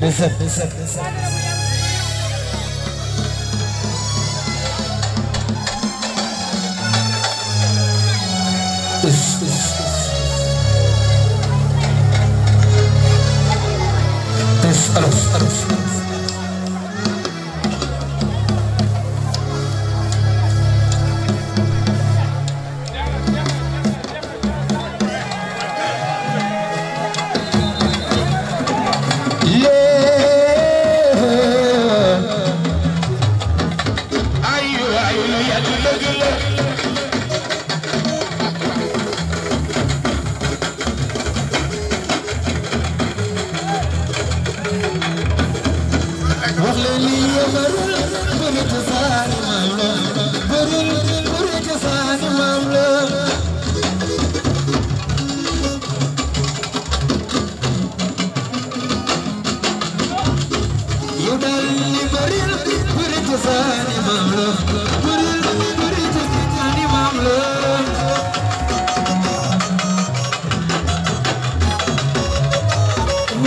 de set de set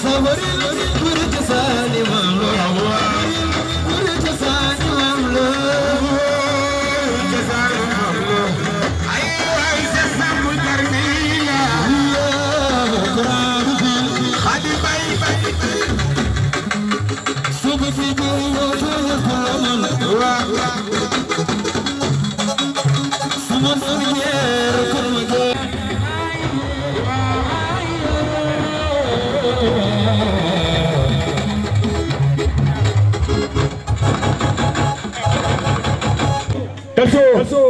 Sabaril Eso. Eso.